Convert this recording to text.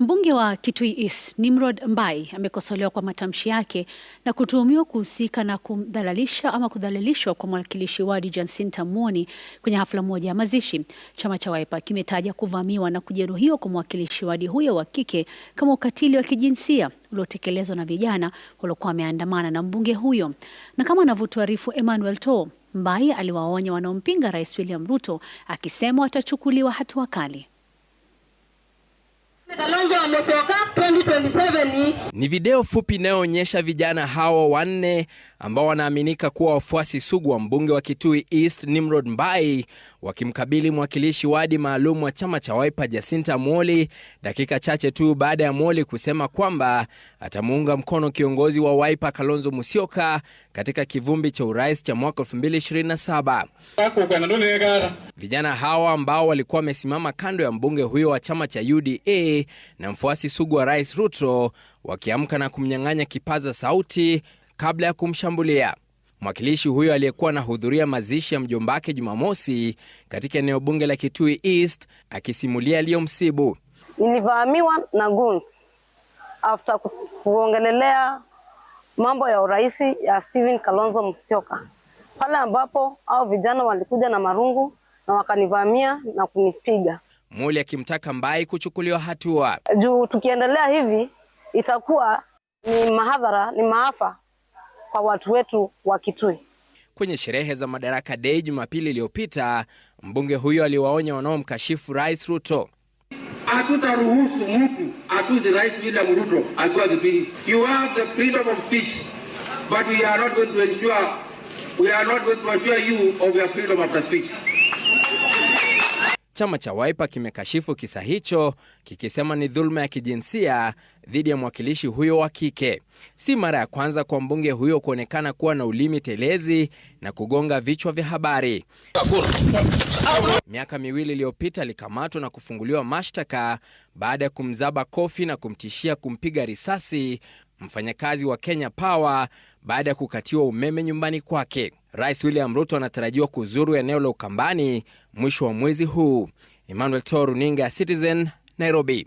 Mbunge wa Kitui East Nimrod Mbai amekosolewa kwa matamshi yake na kutuhumiwa kuhusika na kumdhalilisha ama kudhalilishwa kwa mwakilishi wadi Jacinta Muoni kwenye hafla moja ya mazishi. Chama cha Wiper kimetaja kuvamiwa na kujeruhiwa kwa mwakilishi wadi huyo wa kike kama ukatili wa kijinsia uliotekelezwa na vijana waliokuwa wameandamana na mbunge huyo, na kama anavyotuarifu Emmanuel To, Mbai aliwaonya wanaompinga Rais William Ruto akisema watachukuliwa hatua kali mwezi wa mwaka 2027. Ni video fupi inayoonyesha vijana hao wanne ambao wanaaminika kuwa wafuasi sugu wa mbunge wa Kitui East Nimrod Mbai wakimkabili mwakilishi wadi maalum wa chama cha Wiper Jacinta Mwoli, dakika chache tu baada ya Mwoli kusema kwamba atamuunga mkono kiongozi wa Wiper Kalonzo Musyoka katika kivumbi cha urais cha mwaka 2027. Vijana hawa ambao walikuwa wamesimama kando ya mbunge huyo wa chama cha UDA na mfuasi sugu wa Rais Ruto wakiamka na kumnyang'anya kipaza sauti kabla ya kumshambulia. Mwakilishi huyo aliyekuwa anahudhuria mazishi ya mjombake Jumamosi katika eneo bunge la Kitui East akisimulia aliyomsibu. Nilivamiwa na guns after kuongelelea mambo ya urais ya Steven Kalonzo Musyoka, pale ambapo au vijana walikuja na marungu na wakanivamia na kunipiga. Muli akimtaka Mbai kuchukuliwa hatua juu, tukiendelea hivi itakuwa ni mahadhara, ni maafa kwa watu wetu wa Kitui. Kwenye sherehe za Madaraka Day Jumapili iliyopita, mbunge huyo aliwaonya wanaomkashifu Rais Ruto. Hatutaruhusu mtu atuze Rais William Ruto akiwa kipindi. You have the freedom of speech but we are not going to ensure we are not going to assure you of your freedom of speech. Chama cha Wiper kimekashifu kisa hicho kikisema ni dhuluma ya kijinsia dhidi ya mwakilishi huyo wa kike. Si mara ya kwanza kwa mbunge huyo kuonekana kuwa na ulimi telezi na kugonga vichwa vya habari. Miaka miwili iliyopita alikamatwa na kufunguliwa mashtaka baada ya kumzaba kofi na kumtishia kumpiga risasi mfanyakazi wa Kenya Power baada ya kukatiwa umeme nyumbani kwake. Rais William Ruto anatarajiwa kuzuru eneo la Ukambani mwisho wa mwezi huu. Emmanuel to runinga ya Citizen, Nairobi.